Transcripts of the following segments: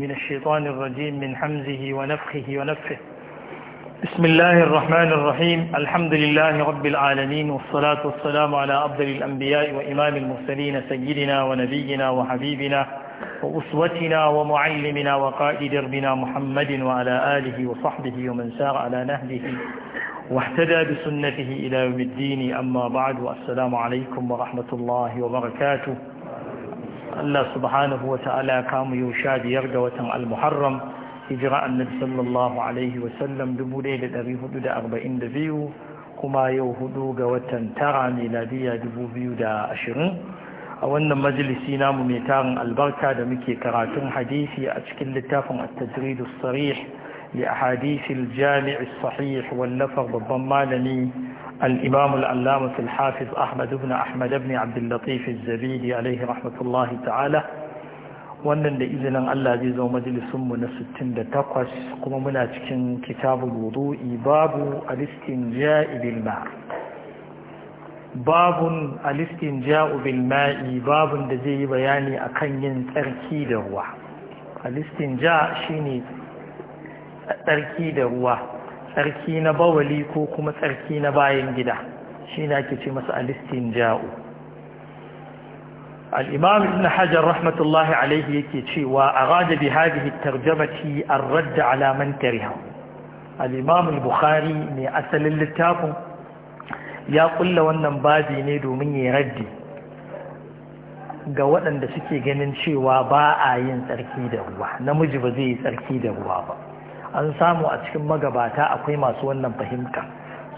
من الشيطان الرجيم من حمزه ونفخه ونفخه بسم الله الرحمن الرحيم الحمد لله رب العالمين والصلاة والسلام على أفضل الأنبياء وإمام المرسلين سيدنا ونبينا وحبيبنا وأسوتنا ومعلمنا وقائد دربنا محمد وعلى آله وصحبه ومن سار على نهجه واحتدى بسنته إلى يوم الدين أما بعد والسلام عليكم ورحمة الله وبركاته Allah subhanahu wa ta'ala kamu yau sha biyar ga watan al-muharram hijira annabi sallallahu alaihi wasallam 1442 kuma yau hudu ga watan tara miladiya 2020 a wannan majalisi namu mai tarin albarka da muke karatun hadisi a cikin littafin at-tajrid sarih li ahadith al-jami' sahih wallafar babban malami الإمام العلامة الحافظ أحمد بن أحمد بن عبد اللطيف الزبيدي عليه رحمة الله تعالى wannan da izinin Allah zai zo majalisunmu na 68 kuma muna cikin kitabul wudu'i babu alistin istinjai bil ma' babun alistin istinjau bil ma'i babun da zai yi bayani akan yin tsarki da ruwa al-istinja' shine tsarki da ruwa tsarki na bawali ko kuma tsarki na bayan gida shi na ke ce masa alistin ja'u al'imam ibn hajar rahmatullahi alaihi yake cewa a rada bi hadihi tarjamati an radda alaman tariha al'imam bukhari mai asalin littafin ya kulla wannan bazi ne domin ya raddi ga waɗanda suke ganin cewa ba a yin tsarki da ruwa namiji ba zai yi tsarki da ruwa ba an samu a cikin magabata akwai masu wannan fahimta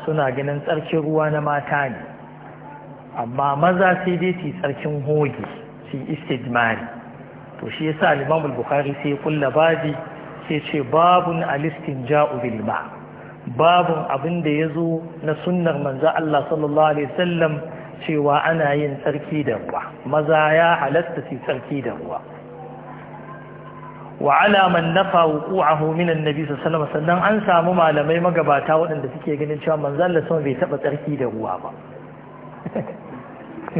suna ganin tsarkin ruwa na mata ne amma maza sai dai su tsarkin hoge su istijmari to shi yasa Imam al-Bukhari sai kulla babi sai ce babun al-istinja'u bil ma babun abin da yazo na sunnar manzo Allah sallallahu alaihi wasallam cewa ana yin tsarki da ruwa maza ya halatta su tsarki da ruwa wa من نفى وقوعه من النبي صلى الله عليه وسلم an samu malamai magabata waɗanda suke ganin cewa manzo Allah bai taba tsarki da ruwa ba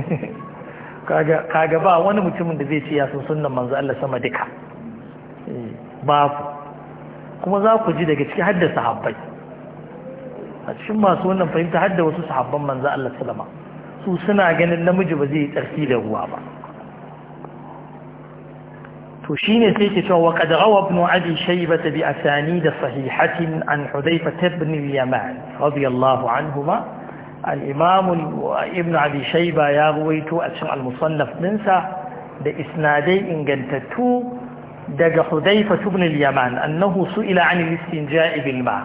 kaga kaga ba wani mutumin da zai ce ya san sunnan manzo Allah sama duka ku eh, kuma za ku ji daga ciki hadda sahabbai a cikin masu wannan fahimta hadda wasu sahabban manzo Allah sallama su suna ganin namiji ba zai tsarki da ruwa ba to shine sai ke cewa wa rawa ibn abi bi asanid sahihatin an hudayfa ibn al-yaman radiyallahu anhuma al-imam ibn abi ya ruwaito a cikin al-musannaf dinsa da isnadai ingantattu daga hudayfa ibn yaman annahu su'ila an al-istinja'i bil ma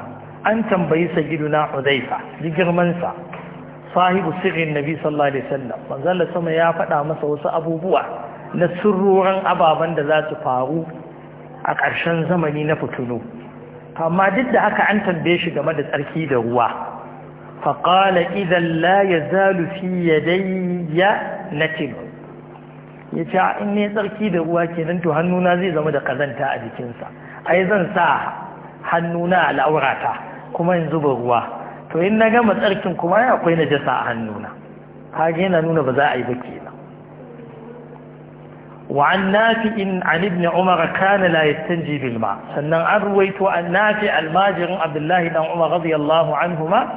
an tambayi sayyiduna hudayfa bi girman sa sahibu sirrin nabi sallallahu alaihi wasallam manzo sama ya faɗa masa wasu abubuwa na surruran ababen da za su faru a ƙarshen zamani na fitunu amma duk da haka an tambaye shi game da tsarki da ruwa faƙala idan la ya zalu fi ya dai ya ce in ne tsarki da ruwa kenan to hannuna zai zama da ƙazanta a jikinsa ai zan sa hannuna a al'aurata kuma in zuba ruwa to in na gama tsarkin kuma akwai najasa a hannuna kaga yana nuna ba za a yi ba وعن نافع عن ابن عمر كان لا يستنجي بالماء سنن أرويت عن نافع الماجر عبد الله بن عمر رضي الله عنهما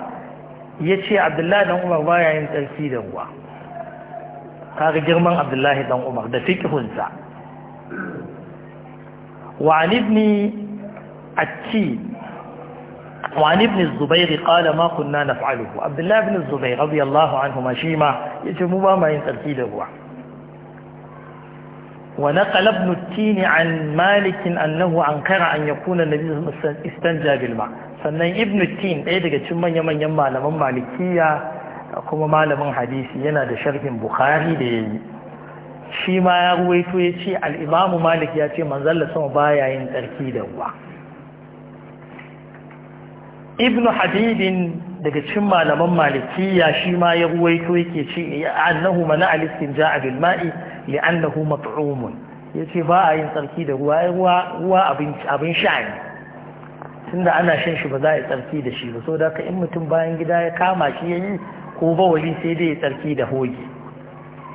يشي عبد الله بن عمر بايا ينتلسي دوا كاغ جرمان عبد الله بن عمر ده فكه وعن ابن التين وعن ابن الزبير قال ما كنا نفعله عبد الله بن الزبير رضي الله عنهما شيما يتموا ما ينتلسي دوا ونقل ابن التين عن مالك أنه أنكر أن يكون النبي صلى الله عليه وسلم استنجى بالماء sannan ibn ɗaya daga cikin manya-manyan malaman malikiya kuma malamin hadisi yana da sharhin bukhari da ya yi shi ma ya ruwaito ya ce al'imamu malik ya ce manzalla sama baya yin tsarki da ruwa ibn habibin daga cikin malaman malikiya shi ma ya ruwaito yake ce annahu mana alistin ja'a bil ma'i li'annahu mat'umun yace ba a yin tsarki da ruwa ruwa ruwa abin abin sha ne tunda ana shan shi ba za a yi tsarki da shi ba saboda ka in mutum bayan gida ya kama shi yayi ko ba bawali sai dai ya tsarki da hoge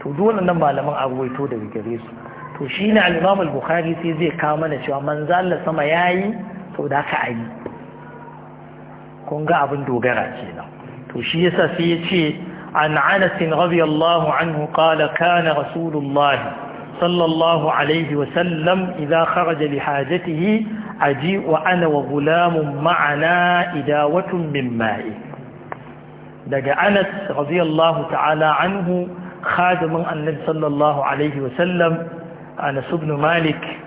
to dole nan malaman arwaito da gare su to shi ne imam al-bukhari sai zai kawo mana cewa manzo Allah sama yayi to da ka ayi kun ga abin dogara kenan to shi yasa sai ya ce عن عنس رضي الله عنه قال كان رسول الله صلى الله عليه وسلم إذا خرج لحاجته أجيء وأنا وغلام معنا إداوة من ماء دقى أنس رضي الله تعالى عنه خادم النبي صلى الله عليه وسلم أنس بن مالك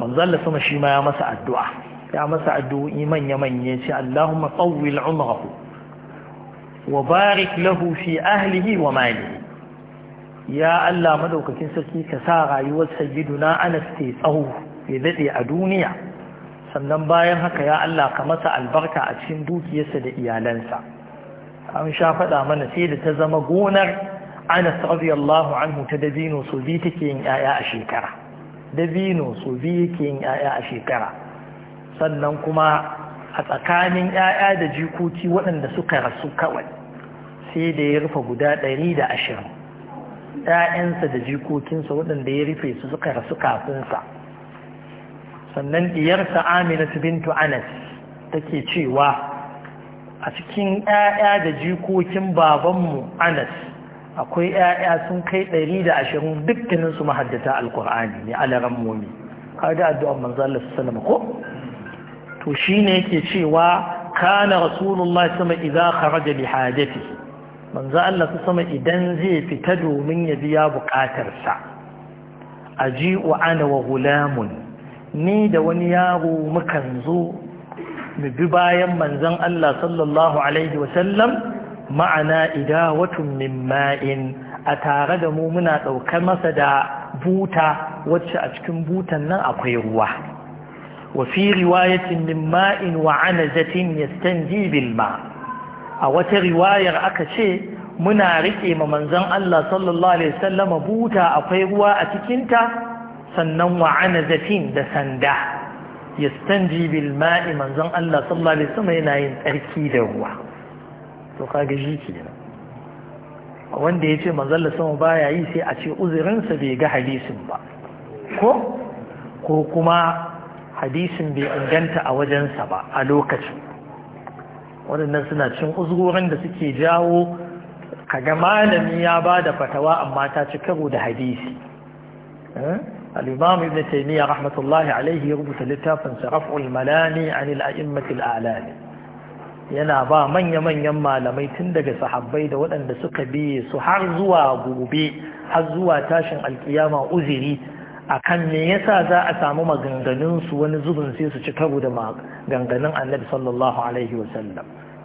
من ظل ثم شما يا مسع الدعاء يا مسع الدعاء من يمن ينسي اللهم طول عمره Wa barik ahlihi وبارك له في أهله وماله يا الله rayuwar تنسكي anas يوال tsawo ya dade a duniya sannan bayan haka ya Allah ka masa albarka a cikin dukiyarsa da iyalansa an sha faɗa mana sai da ta zama gonar Anas radiyallahu anhu ta dabino so biyu take yin ƴaƴa a shekara dabino so biyu yake yin 'ya'ya a shekara sannan kuma a tsakanin 'ya'ya da jikoki waɗanda suka rasu kawai sai da ya rufe guda ɗari da ashirin 'ya'yansa da jikokinsa waɗanda ya rufe su suka rasu kafinsa sannan diyarsa aminatu bintu anas take cewa a cikin 'ya'ya da jikokin babanmu anas akwai 'ya'ya sun kai ɗari da ashirin dukkaninsu mahaddata alkur'ani ne alaran momi kada addu'an manzo Allah sallallahu alaihi wasallam ko to shine yake cewa kana rasulullahi sama idza kharaja li hajati manzo Allah su sama idan zai fita domin ya biya bukatarsa aji'u ana wa gulamun ni da wani yaro mukan zo mu bi bayan manzon Allah sallallahu alaihi wa sallam ma'ana idawatun min ma'in a tare da mu muna ɗaukar masa da buta wacce a cikin butan nan akwai ruwa وفي رواية من ماء وعنزة يستنجي بالماء أو رواية أكشي منا رئي ممنزن الله صلى الله عليه وسلم بوتا أفيروا أتكنتا سنن وعنزة دسندا يستنجي بالماء منزن الله صلى الله عليه وسلم ينعين تركيد هو تقاق جيكينا wanda ya ce manzalla sama baya yi sai a ce uzurinsa bai ga hadisin ba ko ko kuma hadisin bai inganta a wajensa ba a lokacin waɗannan suna cin uzurin da suke jawo kaga malami ya ba da fatawa amma ta ci karo da hadisi eh? al-imam ibn taymiya rahmatullahi alaihi ya rubuta littafin saraful malani an al-a'immat alani yana ba manya-manyan malamai tun daga sahabbai da waɗanda suka biye su har zuwa gobe har zuwa tashin alkiyama uziri akan me yasa za a samu maganganun su wani zubin sai su ci karo da maganganun annabi sallallahu alaihi wasallam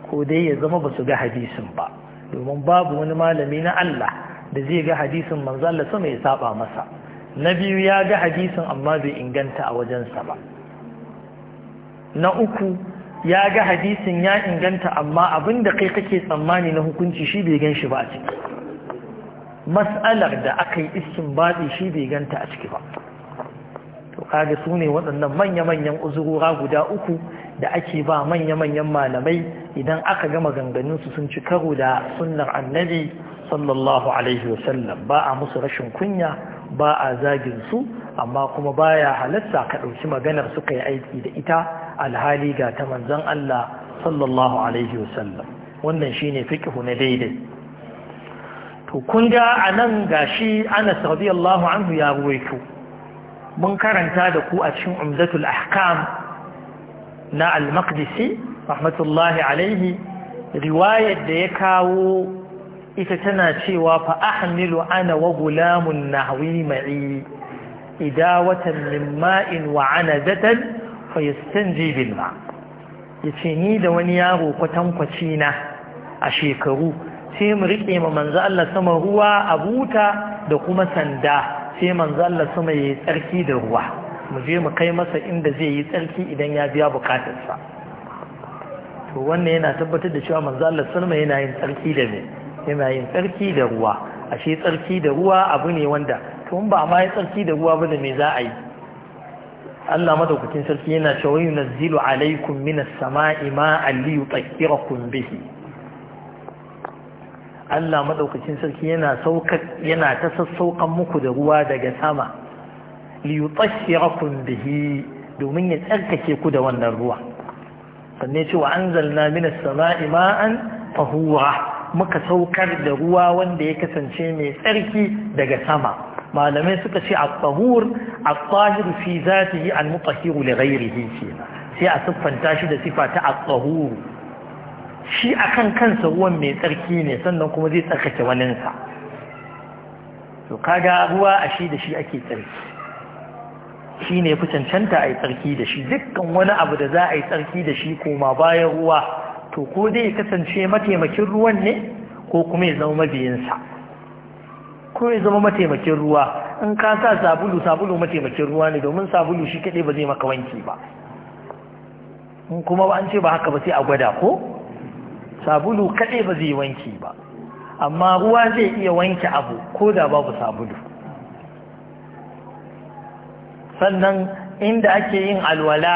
ko dai ya zama ba su ga hadisin ba domin babu wani malami na Allah da zai ga hadisin manzo Allah sama ya saba masa na biyu ya ga hadisin amma bai inganta a wajensa ba na uku ya ga hadisin ya inganta amma abin da kai kake tsammani na hukunci shi bai gan shi ba a ciki mas'alar da aka yi iskin baɗi shi bai ganta a ciki ba to kaga su ne waɗannan manya-manyan uzurura guda uku da ake ba manya-manyan malamai idan aka gama ganganinsu sun ci karo da sunnar annabi sallallahu alaihi wasallam ba a musu rashin kunya ba a zagin su amma kuma baya halatta ka ɗauki maganar suka yi aiki da ita alhali ga ta manzon Allah sallallahu alaihi wasallam wannan shine fiqhu na daidai to kun a nan gashi anas radiyallahu anhu ya ruwaito mun karanta da ku a cikin umdatul ahkam na al-maqdisi rahmatullahi alaihi riwayar da ya kawo ita tana cewa fa ahmilu ana wa gulamun nahwi ma'i idawatan min ma'in wa anadatan fa yastanji bil ma yace ni da wani yaro kwatankwaci na a shekaru sai mu riƙe ma manzo Allah sama ruwa a buta da kuma sanda sai manzo Allah sama yayi tsarki da ruwa mu je mu kai masa inda zai yi tsarki idan ya biya bukatarsa to wannan yana tabbatar da cewa manzo Allah sama yana yin tsarki da me yana yin tsarki da ruwa ashe tsarki da ruwa abu ne wanda to ba ma yi tsarki da ruwa ba da me za a yi Allah madaukakin sarki yana cewa yunzilu alaikum minas sama'i ma'an liyutakkirakum bihi Allah maɗaukacin sarki yana yana ta sassaukan muku da ruwa daga sama li bihi domin ya tsarkake ku da wannan ruwa sannan cewa anzalna minas sama'i ma'an tahura muka saukar da ruwa wanda ya kasance mai tsarki daga sama malamai suka ce at-tahur at-tahir fi an al-mutahhir li ghayrihi sai a siffanta shi da sifa ta at shi akan kansa ruwan mai tsarki ne sannan kuma zai tsarkake waninsa to ga ruwa a shi da shi ake tsarki shi ne fi cancanta a yi tsarki da shi dukkan wani abu da za a yi tsarki da shi koma bayan ruwa to ko zai kasance mataimakin ruwan ne ko kuma ya zama mabiyinsa ko ya zama mataimakin ruwa in ka sa sabulu sabulu mataimakin ruwa ne domin sabulu shi kaɗai ba zai maka wanki ba in kuma an ce ba haka ba sai a gwada ko sabulu kaɗai ba zai wanki ba amma ruwa zai iya wanke abu ko da babu sabulu sannan inda ake yin alwala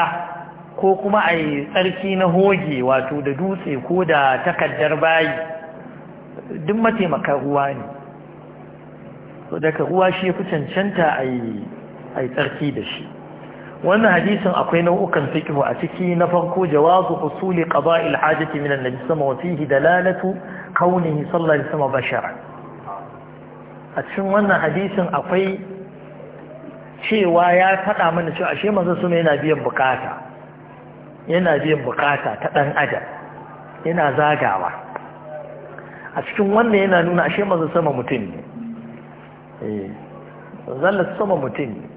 ko kuma a yi tsarki na hoge wato da dutse ko da takardar bayi duk mataimaka ruwa ne daga ruwa shi ya fi cancanta a yi tsarki da shi wannan hadisin akwai nau'ukan fiqh a ciki na farko jawazu husuli qada'il hajati min annabi sama wa fihi dalalatu kaunihi sallallahu alaihi wasallam bashara a cikin wannan hadisin akwai cewa ya faɗa mana cewa ashe manzo suna yana biyan bukata yana biyan bukata ta ɗan adam yana zagawa a cikin wannan yana nuna ashe manzo sama mutum ne eh zalla sama mutum ne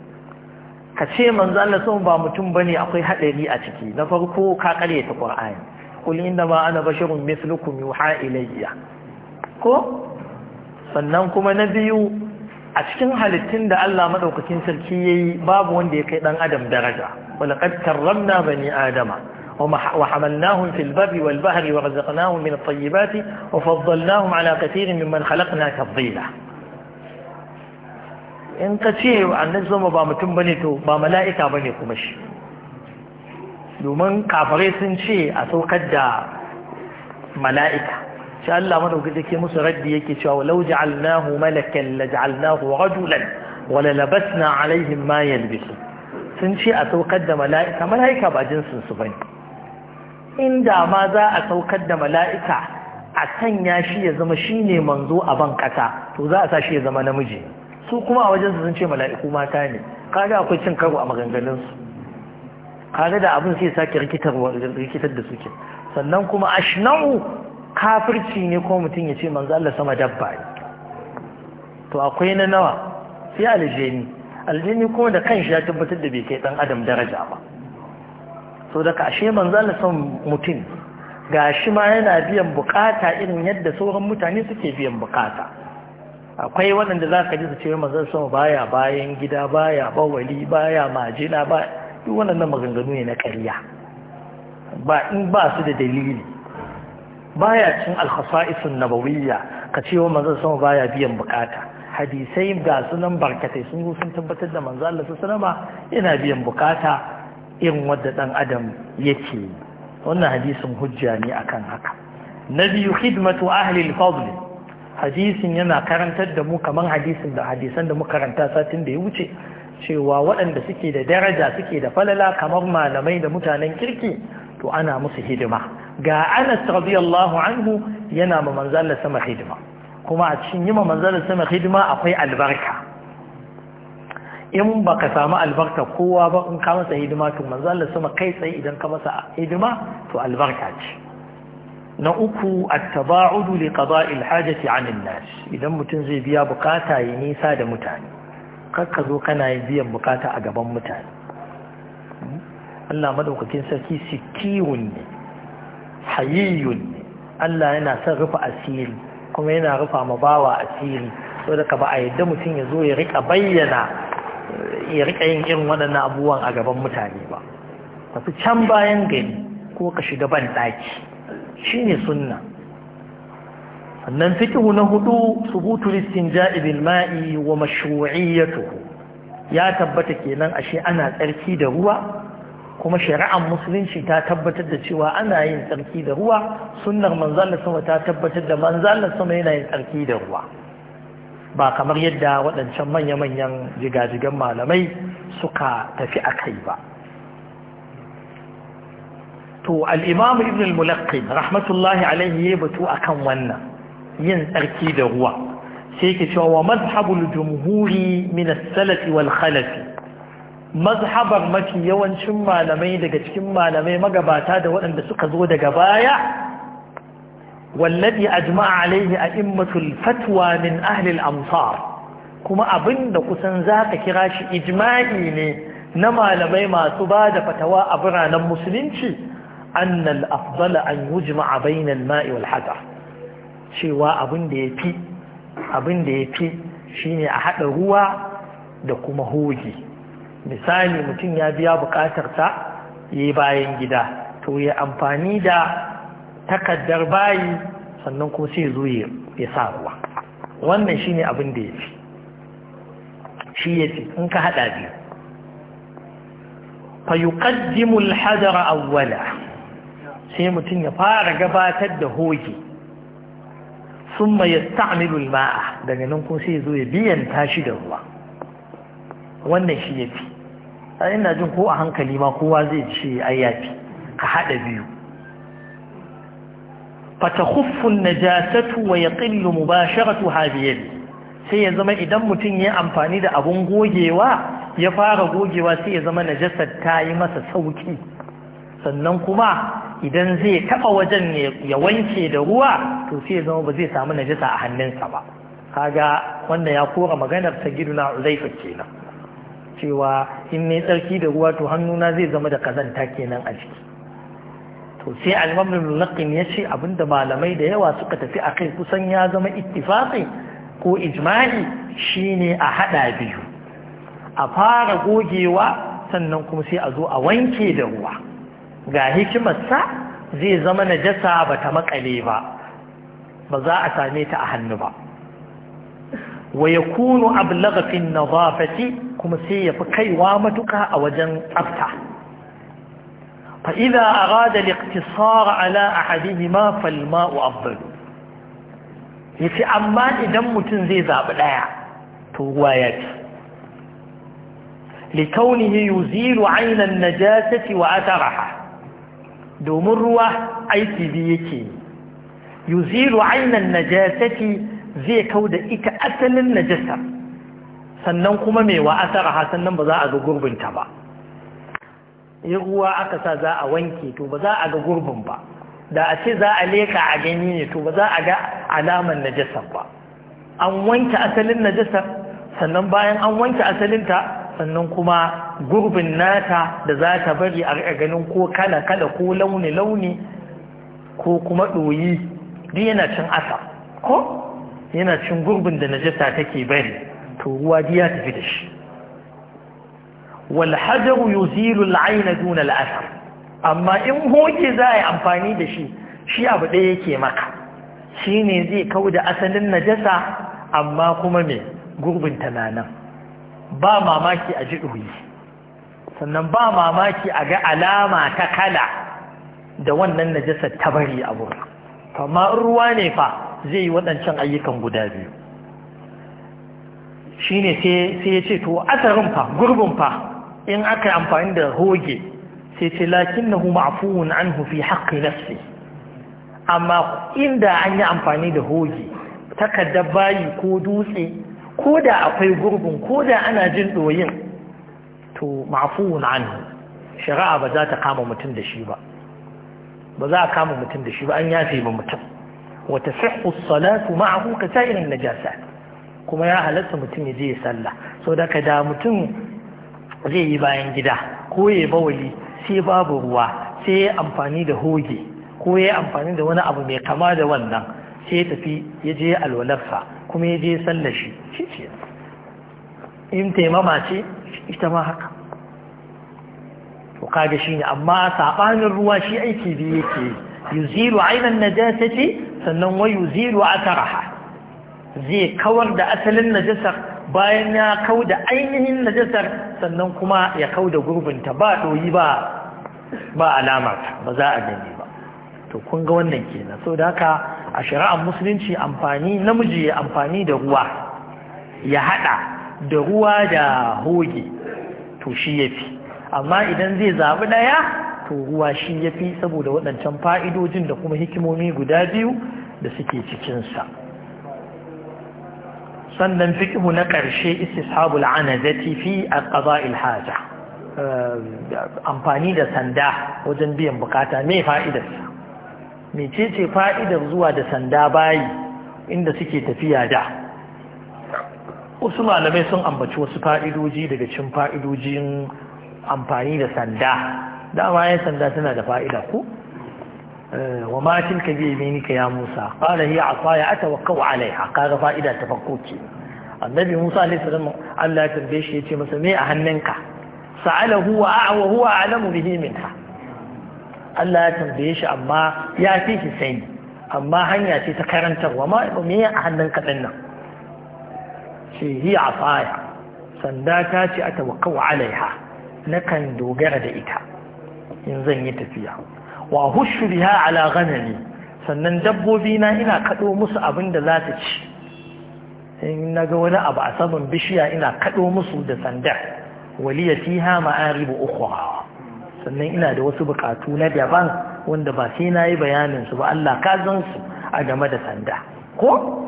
ka ce manzo Allah sun ba mutum bane akwai hadari a ciki na farko ka kare ta Qur'ani qul inna ma ana basharun mithlukum yuha ilayya ko sannan kuma na biyu a cikin halittun da Allah madaukakin sarki yayi babu wanda ya kai dan adam daraja walaqad karramna bani adama وحملناهم في البر والبحر ورزقناهم من الطيبات وفضلناهم على كثير ممن خلقنا تفضيلا in ka ce annabi sama ba mutum bane to ba mala'ika bane kuma shi domin kafare sun ce a saukar da mala'ika shi Allah da ke musu raddi yake cewa walau ja'alnahu malakan la ja'alnahu rajulan wa la na alaihim ma yalbisu sun ce a saukar da mala'ika mala'ika ba jinsin su ba bane inda ma za a saukar da mala'ika a sanya shi ya zama shine manzo a ban kasa to za a sa shi ya zama namiji su kuma a wajen su sun ce mala'iku mata ne kaga akwai cin karo a maganganun su kaga da abin sai sake rikitar rikitar da suke sannan kuma ashna'u kafirci ne ko mutum ya ce manzo Allah sama dabba ne to akwai na nawa sai aljini aljini kuma da kanshi ya tabbatar da bai kai dan adam daraja ba so daga ashe manzo Allah sama mutum gashi ma yana biyan bukata irin yadda sauran mutane suke biyan bukata akwai waɗanda za ka ji su ce mazan sama baya bayan gida baya bawali baya majina ba duk waɗannan maganganu ne na ƙarya ba in ba su da dalili baya cin na nabawiyya ka ce wa mazan sama baya biyan bukata hadisai ga sunan barkatai sun zo sun tabbatar da manzo Allah sallama yana biyan bukata irin wanda dan adam yake wannan hadisin hujja ne akan haka na biyu khidmatu ahli al-fadl hadisin yana karantar da mu kamar hadisin da hadisan da muka karanta satin da ya wuce cewa waɗanda suke da daraja suke da falala kamar malamai da mutanen kirki to ana musu hidima ga anas radiyallahu anhu yana ma manzala sama hidima kuma a cikin yi ma manzala sama hidima akwai albarka in baka samu albarka kowa ba in ka masa hidima to manzala sama kai tsaye idan ka masa hidima to albarka ce na uku at-taba'udu li al hajati 'anil nas idan mutum zai biya bukata ya nisa da mutane kakka zo kana biyan bukata a gaban mutane Allah madaukakin sarki sikiyun ne hayyun ne Allah yana son rufa asiri kuma yana rufa ma bawa asiri saboda ka ba a yadda mutum ya zo ya rika bayyana ya rika yin irin waɗannan abubuwan a gaban mutane ba tafi can bayan gani ko ka shiga ban daki shine sunna sannan fiqhu na hudu subutul istinja'i bil ma'i wa mashru'iyyatuhu ya tabbata kenan ashe ana tsarki da ruwa kuma shari'ar musulunci ta tabbatar da cewa ana yin tsarki da ruwa sunnar manzalar sama ta tabbatar da Allah sama yana yin tsarki da ruwa ba kamar yadda waɗancan manya-manyan jigajigan malamai suka tafi a kai ba to al'imamu ibn al rahmatullahi rahmatullahi alaihi ya batu akan wannan yin tsarki da ruwa sai ke cewa mazhabul jumhuri min salafi wal khalafi mazhabar mafi yawancin malamai daga cikin malamai magabata da waɗanda suka zo daga baya a والذي أجمع عليه أئمة الفتوى kusan za ka kira shi ijma'i ne na malamai masu ba da fatawa a biranen musulunci? أن الأفضل أن يجمع بين الماء والحجر شيوا أبن دي ya fi shine a haɗa ruwa da kuma هوجي misali mutum ya biya bukatarsa ya yi bayan gida to ya amfani da takaddar bayi sannan kuma sai zo ya sa ruwa wannan shine abin da ya fi shi ya ce in ka haɗa biyu fa yuqaddimu al-hadara awwala sai mutum ya fara gabatar da hoge sun mai sta'amilu ma'a daga nan kuma sai zo ya biyan tashi da ruwa wannan shi ya fi a ina jin ko a hankali ma kowa zai ce ai ya fi ka haɗa biyu na jasatu wa ya mu ba mubasharatu habiyar sai ya zama idan mutum ya amfani da abun gogewa ya fara gogewa sai ya zama na najasar ta yi masa sauki sannan kuma idan zai taɓa wajen ya wanke da ruwa to sai ya zama ba zai samu najasa a hannunsa ba kaga wanda ya kora maganar ta giduna zaifa kenan cewa in ne tsarki da ruwa to hannuna zai zama da kazanta kenan a jiki to sai alimamin mamlul ya ce abinda malamai da yawa suka tafi a kai kusan ya zama ittifaqi ko ijma'i shine a hada biyu a fara gogewa sannan kuma sai a zo a wanke da ruwa ga hikimarsa zai zama najasa ba ta makale ba ba za a same ta a hannu ba wa yakunu ablagha fi nadafati kuma sai ya fi kaiwa matuka a wajen tsafta fa idza arada al-iqtisar ala ahadihi hadihi ma falma'u ma'u ya yace amma idan mutun zai zabi daya to ruwa ya fi لكونه يزيل عين النجاسة وأثرها domin ruwa aiki biyu yake yuzilu ainan najasati zai kau da ita asalin najasa sannan kuma mai wa ha sannan ba za a ga gurbinta ba ya ruwa aka sa za a wanke to ba za a ga gurbin ba da a ce za a leka a gani ne to ba za a ga alaman najasar ba an wanke asalin najasar sannan bayan an wanke asalinta sannan kuma gurbin nata da za ta bari a ganin ko kala-kala ko launi-launi ko kuma ɗoyi duk yana cin asa ko yana cin gurbin da najasa take bari to ruwa duk ya tafi da shi walhajaru yuzilu al'ayna duna al'asar amma in hoke za a yi amfani da shi shi abu ɗaya yake maka shi ne zai kau da asalin najasa amma kuma mai gurbin tananan ba mamaki a ji sannan ba mamaki a ga alama ta kala da wannan najasar ta bari a wurin amma ruwa ne fa zai yi waɗancan ayyukan guda biyu shi ne sai ya ce to asarin fa gurbin fa in aka yi amfani da hoge sai ce lakin na hu ma'afuwun an hufi haƙƙi nafsi amma inda an yi amfani da hoge takardar bayi ko dutse ko da akwai gurbin ko da ana jin doyin to mafuwun anhu shari'a ba za ta kama mutum da shi ba ba za a kama mutum da shi ba an yafe ba mutum wata sihhu salatu ma'ahu ka sa'irin najasa kuma ya halatta mutum ya je ya sallah so da ka da mutum zai yi bayan gida ko ya bawali sai babu ruwa sai ya amfani da hoge ko ya amfani da wani abu mai kama da wannan sai ya tafi ya je alwalarsa kuma ya je sallar shi shi ce in taimama ce ita ma haka to kaga shi ne amma saɓanin ruwa shi aiki biyu yake yuziru ainihin ce sannan wai yuziru ataraha zai kawar da asalin najasar bayan ya kau da ainihin najasar sannan kuma ya kau da gurbinta ba ɗoyi ba ba alamar ba za a gani to kun ga wannan kenan so da haka a shari'ar musulunci amfani namiji ya amfani da ruwa ya hada da ruwa da hoge to shi yafi amma idan zai zaɓi ɗaya to ruwa shi yafi saboda waɗancan fa'idojin da kuma hikimomi guda biyu da suke cikinsa sannan fikihu na ƙarshe istishabul anazati fi aqda'il haja amfani da sanda wajen biyan bukata me fa'idarsa mecece fa'idar zuwa da sanda bayi inda suke tafiya da wasu malamai sun ambaci wasu fa'idoji daga cin fa'idojin amfani da sanda dama yin sanda tana da fa'ida ku eh, wa matin ka biye ka ya musa ƙara hiya a kwaya a alai, alaiha ƙara fa'ida ta farko ce annabi musa ne zama allah ya tambaye shi ya ce masa me a hannunka sa'ala huwa a'awa huwa alamu bihi ha Allah ya tambaye shi amma ya fi shi sani amma hanya ce ta karantarwa ma me a hannun kaɗan nan ce hi a faya sanda ta ce a tawakkawa alaiha nakan dogara da ita in zan yi tafiya wa hushu biha ala ganani sannan dabbobi na ina kaɗo musu abin da za ta ci in na ga wani abu a saman bishiya ina kaɗo musu da sandar waliyatiha ma'aribu ukhra sannan ina da wasu bukatu na daban wanda ba sai na yi bayaninsu ba Allah kazansu a game da sanda ko?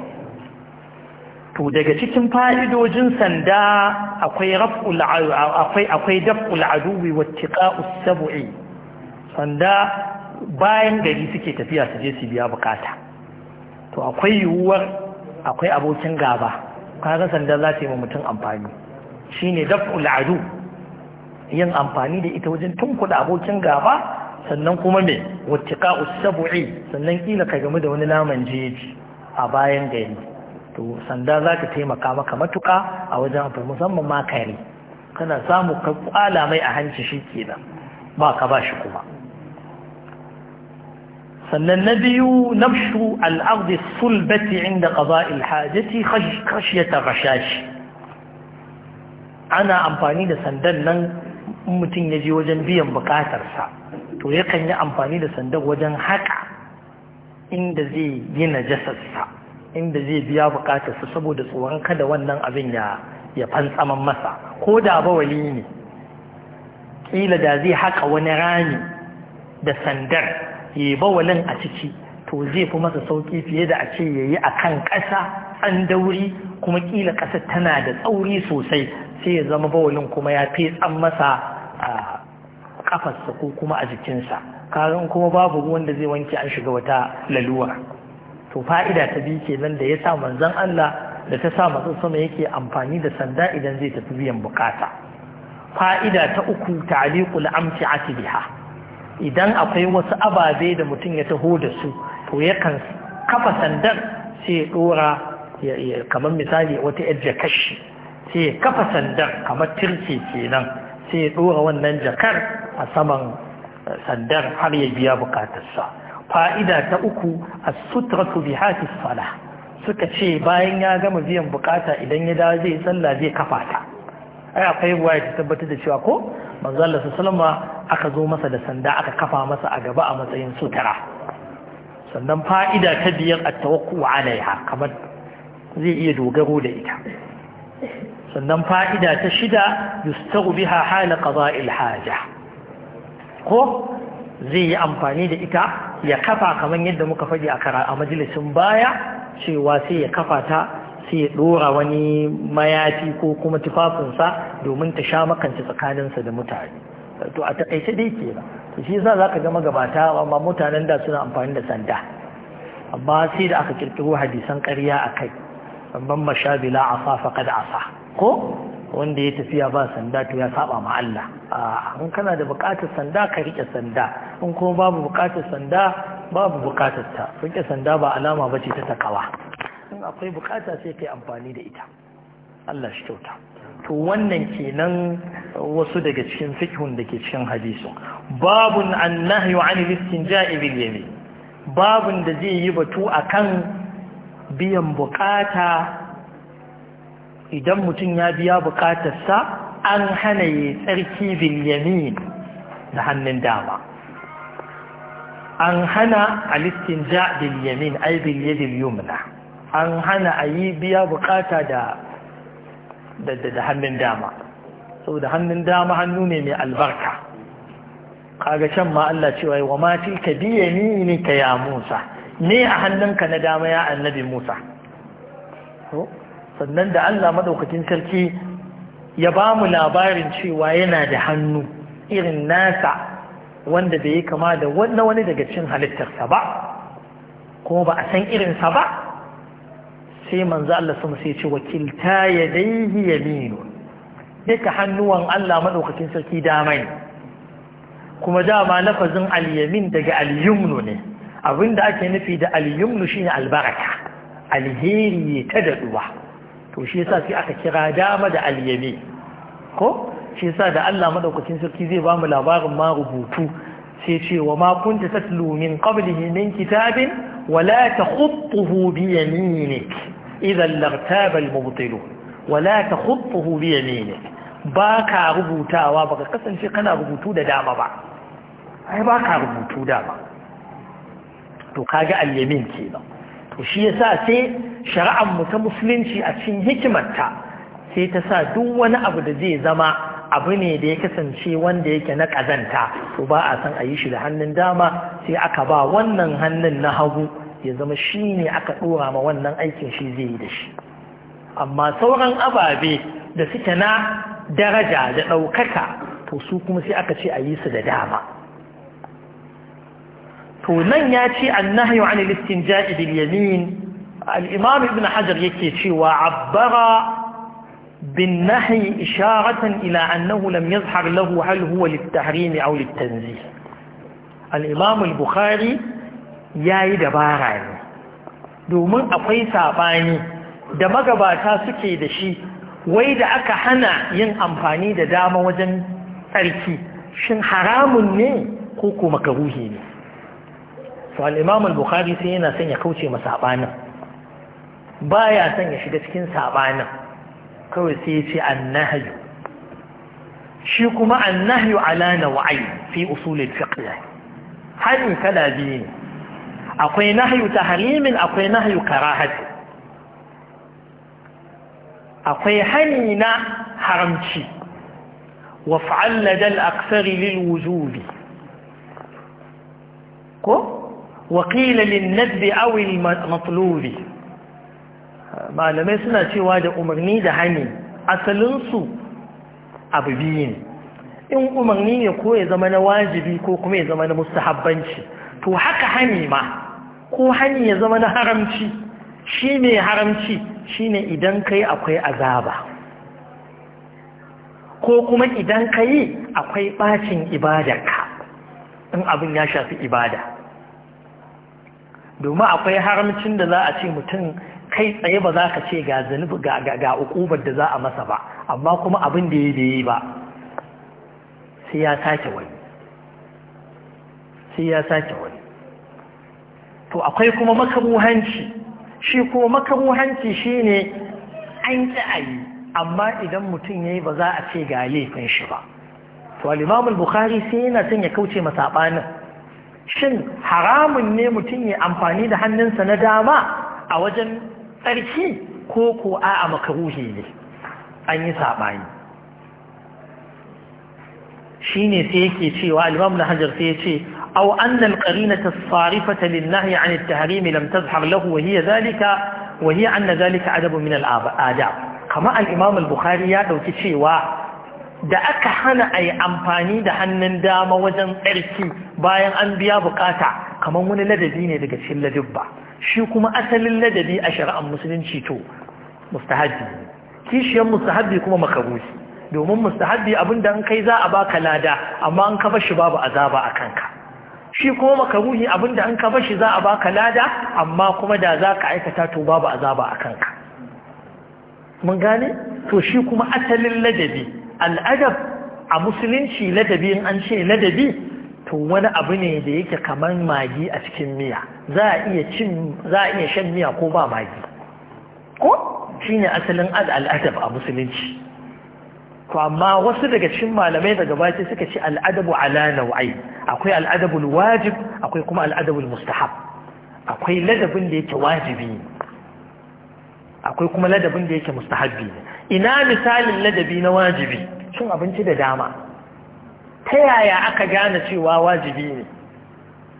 to daga cikin fa'idojin sanda akwai daf'ul aduwi wacce ƙa'us sabu'i sanda bayan gari suke tafiya su je su biya bukata to akwai yiwuwar akwai abokin gaba kaga sanda za ta yi mutum amfani shine ne daf'ul aduwi yin amfani da ita wajen tunkuɗa abokin gaba sannan kuma mai wattika usabu'i sannan kila ka gami da wani naman jeji a bayan gari to sanda za ka taimaka maka matuka a wajen amfani musamman ma kare kana samu ka kwala mai a hanci shi kenan ba ka ba shi kuma sannan na biyu nafshu al'ardi sulbati inda qada'il hajati khashyata rashashi ana amfani da sandan nan in mutum ya je wajen biyan bukatarsa to yakan yi amfani da sandar wajen haka inda zai yi najasarsa inda zai biya bukatarsa saboda tsoron kada wannan abin ya fantsaman masa ko da bawali ne Ƙila da zai haka wani rami da sandar ya yi bawalin a ciki to zai fi masa sauƙi fiye da a ce ya yi a kan ƙasa an dauri kuma ƙila ƙasar tana da tsauri sosai sai ya zama bawalin kuma ya fi tsan masa kafarsa ko kuma a jikinsa Karin kuma babu ruwan da zai wanke an shiga wata lalura to fa'ida ta biyu kenan da ya sa manzon Allah da ta sa masu sama yake amfani da sanda idan zai tafi biyan bukata fa'ida ta uku ta ta'liqul amti'ati biha idan akwai wasu ababe da mutum ya taho da su to yakan kafa sandar sai ya dora kamar misali wata yar jakashi sai ya kafa sandar kamar tirce kenan sai ya dora wannan jakar a saman eh, sandar har ya biya bukatarsa fa'ida ta uku a sutratu bi hafi sala suka ce bayan ya gama biyan bukata idan ya dawo zai sallah zai kafa ta ai akwai ruwa ya tabbatar da cewa ko manzo Allah sallama aka zo masa da sanda aka kafa masa a gaba a matsayin sutura sannan fa'ida ta biyar a tawakku alaiha kamar zai iya dogaro da ita sannan fa'ida ta shida yustaghbiha hala qada'il haja ko zai yi amfani da ita ya kafa kamar yadda muka faɗi a kara majalisun baya cewa sai ya kafa ta sai ya ɗora wani mayafi ko kuma tufafinsa domin ta sha makanta tsakaninsa da mutane to a taƙaice dai ke ba to shi yasa zaka ga magabata amma mutanen da suna amfani da sanda amma sai da aka kirkiro hadisan ƙarya a kai ban mashabila asa faqad asa ko wanda ya tafiya ba sanda to ya saba ma Allah a in kana da bukatar sanda ka rike sanda in kuma babu bukatar sanda babu bukatar ta rike sanda ba alama bace ta takawa in akwai bukata sai kai amfani da ita Allah shi kyauta to wannan kenan wasu daga cikin fikhun da ke cikin hadisu babun nahyu anil istinja'i bil yamin babun da zai yi batu akan biyan bukata idan mutum ya biya bukatarsa an hana ya tsarki bilyamin da hannun dama an hana alistin ja bilyamin ai bilyadil yumna an hana a yi biya bukata da da hannun dama da hannun dama hannu ne mai albarka kaga can ma Allah cewa wa ma tilka biyaminika ya Musa ne a hannunka na dama ya annabi Musa sannan da Allah madaukakin sarki ya ba mu labarin cewa yana da hannu irin nasa wanda bai yi kama da wanda wani daga cin halittarsa ba ko ba a san irinsa ba sai manzo Allah sun sai ce wakilta ya daihi yaminu duka hannuwan Allah madaukakin sarki dama ne kuma dama lafazin al-yamin daga al-yumnu ne abinda ake nufi da al-yumnu shine albaraka alheri ta daduwa to shi yasa sai aka kira dama da alyami ko shi yasa da Allah madaukakin sarki zai ba mu labarin ma rubutu sai ce wa ma kunta tatlu min qablihi min kitabin wala takhutuhu bi yaminik idan lartaba al-mubtilu wala takhutuhu bi yaminik ba ka rubutawa baka kasance kana rubutu da dama ba ai ba ka rubutu dama to kaga al kenan to shi yasa sai shari'ar mu ta musulunci a cikin hikimarta sai ta sa duk wani abu da zai zama abu ne da ya kasance wanda yake na kazanta, to ba a san a yi shi da hannun dama sai aka ba wannan hannun na hagu ya zama shi ne aka ɗora ma wannan aikin shi zai yi da shi amma sauran ababe da suke na daraja da ɗaukaka to su kuma sai aka ce a yi su da dama to nan ya ce annahyu anil istinja'i bil yamin al’imam ibn hajar yake cewa abbara bin nahi isharatan ila annahu lam ya zahar lahu halhu wa littahari ne au littanzi al-bukhari ya yi dabara ne domin akwai saɓani da magabata suke da shi wai da aka hana yin amfani da dama wajen tsarki shin haramun ne ko kuma karuhi ne so al’imam al-bukhari sai yana son ya kauce masaɓanin baya son ya shiga cikin saɓanin kawai sai ya an annahyu shi kuma annahyu ala nawai fi usulul fiqh hani kala biyu ne akwai nahyu harimin akwai nahyu karahati akwai hani na haramci waf'al ladal aksari lil wujubi ko وقيل للندب أو المطلوب malamai suna cewa da umarni da hani asalinsu abu biyu ne in umarni ne ko ya zama na wajibi ko kuma ya zama na mustahabbanci to haka hani ma ko hani ya zama na haramci shi ne haramci shi ne idan kai akwai azaba ko kuma idan ka yi akwai bacin ibadarka in abin ya shafi ibada domin akwai haramcin da za a ce mutum kai tsaye ba za ka ce ga zanubu ga ukubar da za a masa ba amma kuma abin da ya yi ba sai ya sake wani sai ya sake wani to akwai kuma hanci shi kuma hanci shi ne an ƙi a yi amma idan mutum ya yi ba za a ce ga laifin shi ba to alimamun bukhari sai yana son ya kauce masabanin shin haramun ne mutum ya amfani da hannunsa na dama a wajen tsarki ko ko a makaruhi ne an yi saɓani shi ne sai yake cewa alimam na hajjar sai ya ce au annal qarinata sarifata linnahi an at-tahrim lam tazhar lahu wa hiya zalika wa hiya anna zalika adabu min al kama al al-bukhari ya ɗauki cewa da aka hana ayi amfani da hannun dama wajen tsarki bayan an biya bukata kamar wani ladabi ne daga cikin ladabba shi kuma asalin ladabi a shari'ar musulunci to mustahabbi kishiyar mustahabbi kuma makaruhi domin mustahabbi abinda an kai za a baka lada amma an kafa shi babu azaba a kanka shi kuma abin abinda an kafa shi za a baka lada amma kuma da za ka aikata to babu azaba a kanka mun gane to shi kuma asalin ladabi al'adab a musulunci ladabi in an ce ladabi to wani abu ne da yake kamar magi a cikin miya za a iya cin za a iya shan miya ko ba magi ko shine asalin al'adab a musulunci to amma wasu daga cikin malamai daga baki suka ce al'adabu ala nau'ai akwai al'adabul wajib akwai kuma al'adabul mustahab akwai ladabin da yake wajibi akwai kuma ladabin da yake mustahabbi ina misalin ladabi na wajibi cin abinci da dama ta yaya aka gane cewa wajibi ne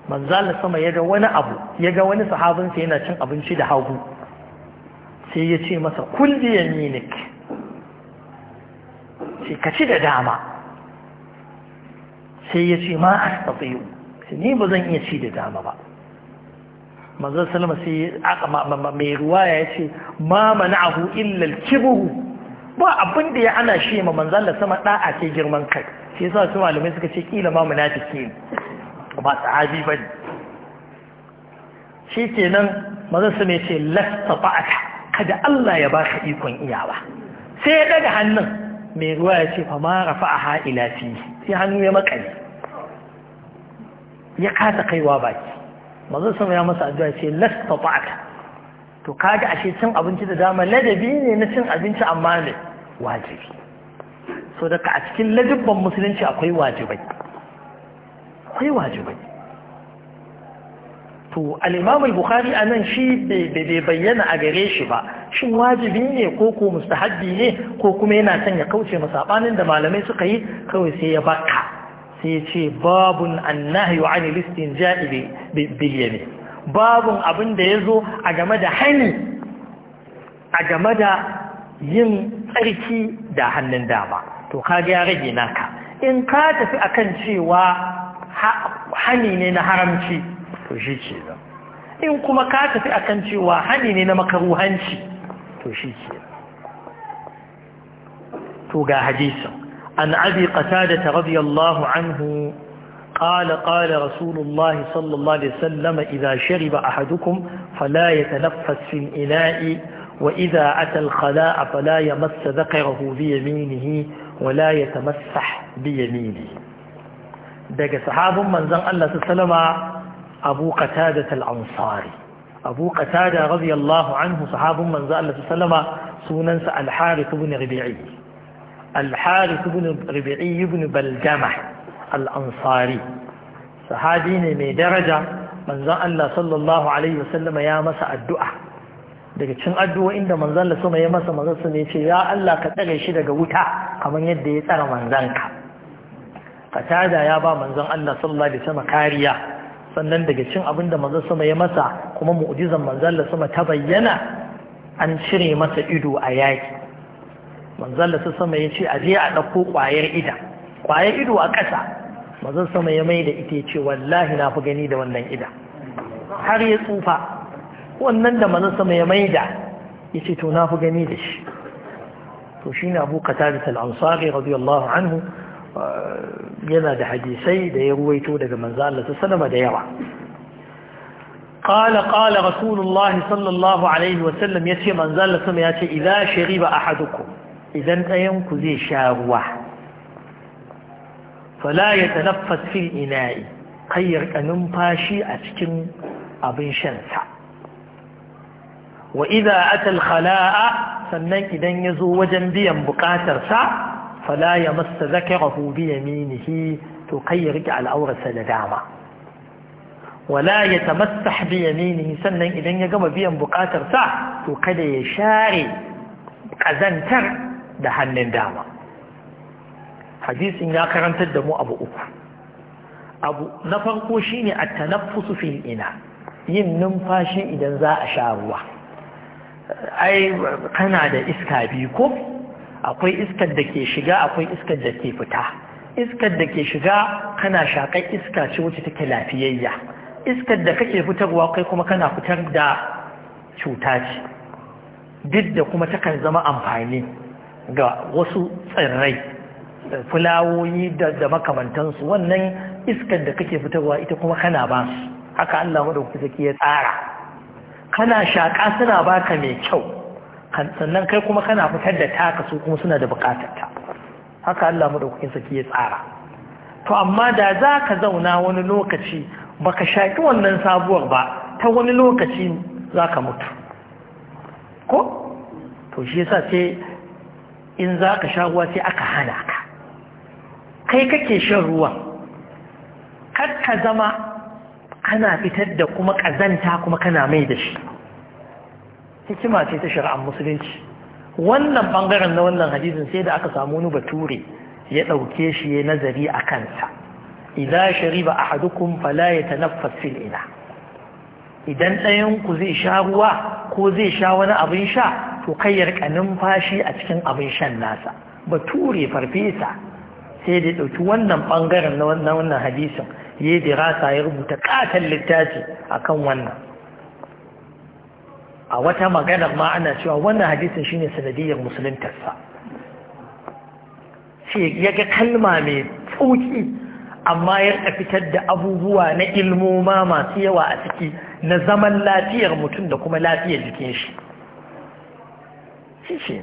manzala sama ya ga wani abu ya ga wani sahabinsa yana cin abinci da hagu sai ya ce masa kulli yaminik sai ka ci da dama sai ya ce ma astatiyu ni ba zan iya ci da dama ba manzal salama sai mai ruwaya ya ce ma mana'ahu illa al-kibru ba abin da ya ana shi ma manzon da sama da'a ce girman kai shi yasa su malamai suka ce kila ma munafiki ne ba sahabi bane shi kenan mazan su ne ce lasta ba'aka kada Allah ya baka ikon iyawa sai ya daga hannun mai ruwa ya ce fama a ha'ila fi sai hannu ya makale ya kasa kaiwa baki mazan su ya masa addu'a ce lasta ba'aka to kaga ashe cin abinci da dama ladabi ne na cin abinci amma ne wajibi so daga a cikin lajibban musulunci akwai wajibai akwai wajibai to al-imam al-bukhari anan shi bai bayyana a gare shi ba shin wajibi ne ko ko mustahabbi ne ko kuma yana son ya kauce saɓanin da malamai suka yi kawai sai ya baka sai ya ce babun annahyu anil istinja'i bil yamin babun abin da ya zo a game da hani a game da yin tsarki da hannun dama to kaga ya rage naka in ka tafi akan cewa hani ne na haramci to shi ce in kuma ka tafi akan cewa hani ne na makaruhanci to shi ce to ga hadisin an abi qatada radiyallahu anhu قال قال رسول الله صلى الله عليه وسلم إذا شرب أحدكم فلا يتنفس في الإناء وإذا أتى الخلاء فلا يمس ذكره بيمينه wala ya tamassah bi yamini daga sahabin manzon Allah sallama Abu Qatada al-Ansari Abu Qatada radiyallahu anhu sahabin manzon Allah sallama sunansa Al-Harith ibn Rabi'i Al-Harith ibn Rabi'i ibn Baldama al-Ansari sahabi ne mai daraja manzon Allah sallallahu alaihi wasallama ya masa addu'a daga cin addu'o'in da manzan da sama ya masa manzon ne ya ce ya Allah ka tsare shi daga wuta kamar yadda ya tsara manzanka tada ya ba manzan Allah sallallahu alaihi wasallam kariya sannan daga cin abin da manzan sama ya masa kuma mu'jizan manzan da sama ta bayyana an cire masa ido a yaki manzan da sama ya ce a je a ɗauko kwayar ida kwayar ido a ƙasa manzan sama ya mai da ita ce wallahi na fi gani da wannan ida har ya tsufa wannan da manansa mai maida ya ce to na fi gani da shi to shi ne abu katarita al’ansari radiyallahu anhu uh, yana da hadisai da ya ruwaito daga manza ta sanama da yawa ƙala ƙala rasulullahi sallallahu alaihi wasallam ya ce manza Allah sama ce idan shari ba a haduku idan ɗayanku zai sha ruwa fala ya tanaffas fil ina'i kayyar ƙanin fashi a cikin abin shansa wa idza atal khala'a sannan idan ya zo wajen biyan bukatarsa fala ya masa zakarahu biya yaminihi to kai ya rike al'aurarsa da dama wala ya tamassah biya yaminihi sannan idan ya gama biyan bukatarsa to kada ya share kazantar da hannun dama hadisin ya karantar da mu abu uku abu na farko shine at-tanaffus fil ina yin numfashi idan za a sha ruwa ai kana da iska biyu ko akwai iskar da ke shiga akwai iskar da ke fita iskar da ke shiga kana shakar iska ce wacce take lafiyayya iskar da kake fitarwa kai kuma kana fitar da cuta ce duk da kuma takan zama amfani ga wasu tsirrai fulawoyi da makamantansu wannan iskar da kake fitarwa ita kuma kana ba su haka Allah madaukakin ya tsara kana shaƙa suna baka mai kyau sannan kai kuma kana fitar da taka su kuma suna da bukatarta haka Allah mu dauki saki ya tsara to amma da za ka zauna wani lokaci baka shaƙi wannan sabuwar ba ta wani lokaci za ka mutu ko to shi yasa sai in za ka sha ruwa sai aka hana ka kai kake shan ruwan kar ka zama kana fitar da kuma ƙazanta kuma kana mai da shi hikima ce ta shari'ar musulunci wannan bangaren na wannan hadisin sai da aka samu wani bature ya ɗauke shi ya nazari a kansa idan shariba ahadukum fala yatanaffas fil ina idan ɗayan ku zai sha ruwa ko zai sha wani abin sha to kai ya rika numfashi a cikin abin shan nasa bature farfesa sai da ɗauki wannan ɓangaren na wannan hadisin ya yi dirasa ya rubuta ƙaton littafi akan wannan a wata maganar ma ana cewa wannan hadisin shine sanadiyar tarsa sai ya ga kalma mai tsoki amma ya fitar da abubuwa na ilmoma masu yawa a ciki na zaman lafiyar mutum da kuma lafiyar jikin shi shi ce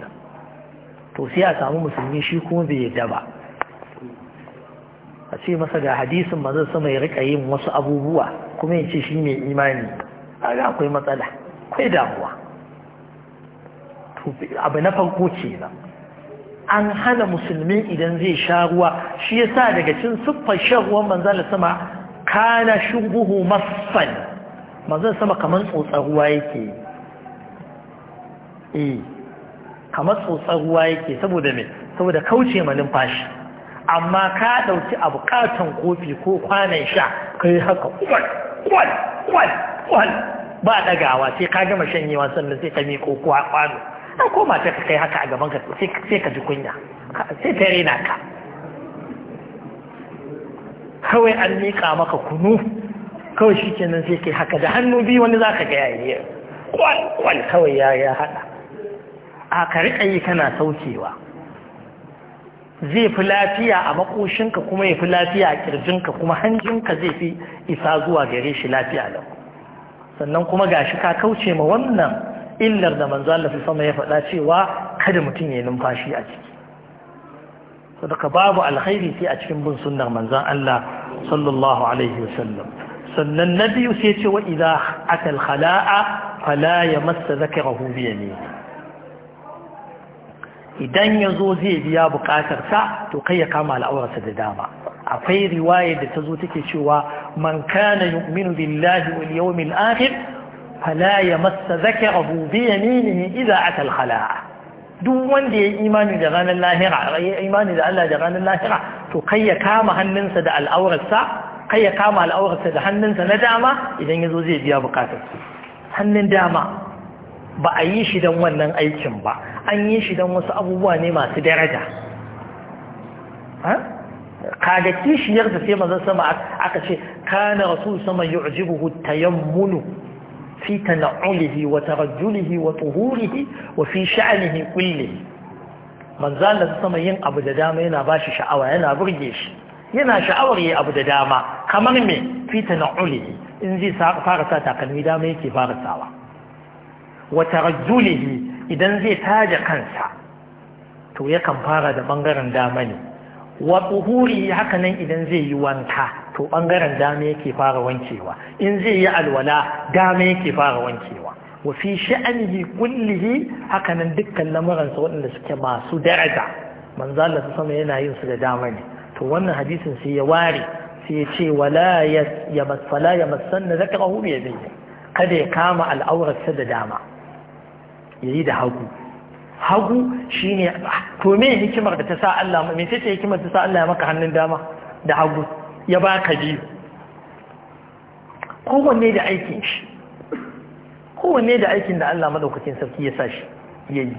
to sai a samu musulmi shi kuma bai yadda ba a ce masa ga hadisin zai sama ya rika yin wasu abubuwa kuma yin ce shi ne imani a ga akwai matsala akwai damuwa abu na farko ce nan an hana musulmi idan zai sha ruwa shi ya sa daga cin siffar shan ruwan manzan sama kana shubuhu masfan manzan sama kamar tsotsar ruwa yake eh kamar tsotsar ruwa yake saboda mai saboda kauce ma numfashi amma ka ɗauki abu katon kofi ko kwanan sha ka yi haka kwal kwal kwal kwal ba ɗagawa sai ka gama shanyewa sannan sai ka miƙo kwano a koma ta ka kai haka a gaban ka sai ka ji kunya sai ta rena ka kawai an miƙa maka kunu kawai shi kenan sai kai haka da hannu biyu wani za ka ga yayi kwal kwal kawai ya haɗa a ka riƙa yi kana saukewa zai fi lafiya a makoshinka kuma ya fi lafiya a ƙirjinka kuma hanjinka zai fi isa zuwa gare shi lafiya lau sannan kuma gashi ka kauce ma wannan illar da manzo Allah sama ya faɗa cewa kada mutum ya yi numfashi a ciki saboda babu alkhairi sai a cikin bin sunnar manzo Allah sallallahu alaihi wasallam sannan na biyu sai ce wa idza akal khala'a fala yamassa zakarahu bi idan ya zo zai biya bukatarsa to kai ya kama al'aurarsa da dama akwai riwaya da ta zo take cewa man kana yu'minu billahi wal yawmil akhir fala yamassa zakarahu bi yaminihi idza ata al duk wanda ya imani da ranar lahira ya imani da Allah da ranar lahira to kai ya kama hannunsa da al'aurarsa kai ya kama al'aurarsa da hannunsa na dama idan ya zo zai biya bukatarsa hannun dama ba a yi shi don wannan aikin ba an yi shi don wasu abubuwa ne masu daraja Ka kishiyar da sai mazan sama aka ce kana rasu sama yi yu'jibuhu tayammunu fi tana'ulihi wa rajulihi wa tuhurihi wa fi sha'anihi kulle manzan da sama yin abu da dama yana bashi sha'awa yana burge shi yana sha'awar yi abu da dama kamar me fi tana'ulihi in zai fara sa takalmi dama yake fara sawa Wata rajulihi idan zai taja kansa to yakan fara da ɓangaren dama ne wa buhuri idan zai yi wanka to bangaren dama yake fara wankewa in zai yi alwala dama yake fara wankewa wa fi sha'anihi kullihi haka dukkan lamuransa waɗanda suke masu daraja manzo Allah sama yana yin su da dama ne to wannan hadisin sai ya ware sai ya ce wala ya masfala ya masanna zakarahu ya yadihi kada ya kama al'aurarsa da dama Yayi da hagu hagu shi ne to me hikimar da ta sa Allah me hikimar ta sa Allah ya maka hannun dama da hagu ya baka biyu kowanne da aikin shi wanne da aikin da Allah madaukakin sarki ya sa shi yayi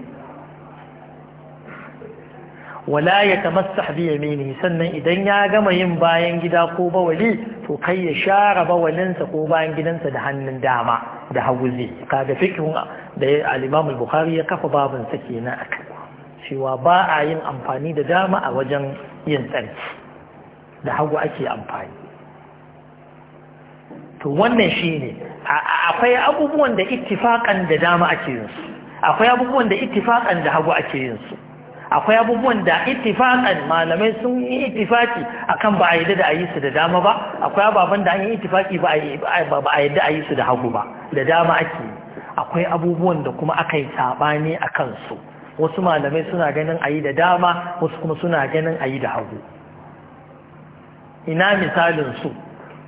wala ya tamassah bi yamini sannan idan ya gama yin bayan gida ko bawali to kai ya share bawalinsa ko bayan gidansa da hannun dama da hagu zai kaga fikhun da al-Imam al-Bukhari ya kafa babin sa kenan akan cewa ba a yin amfani da dama a wajen yin tsarki da hagu ake amfani to wannan shine akwai abubuwan da ittifaqan da dama ake yin su akwai abubuwan da ittifaqan da hagu ake yin su akwai abubuwan da ittifaqan malamai sun yi ittifaki akan ba a yadda da ayi su da dama ba akwai ababen da an yi ittifaki ba a yadda ayi su da hagu ba da dama ake akwai abubuwan da kuma aka yi sabani a kansu wasu malamai suna ganin ayi da dama wasu kuma suna ganin ayi da hagu ina misalin su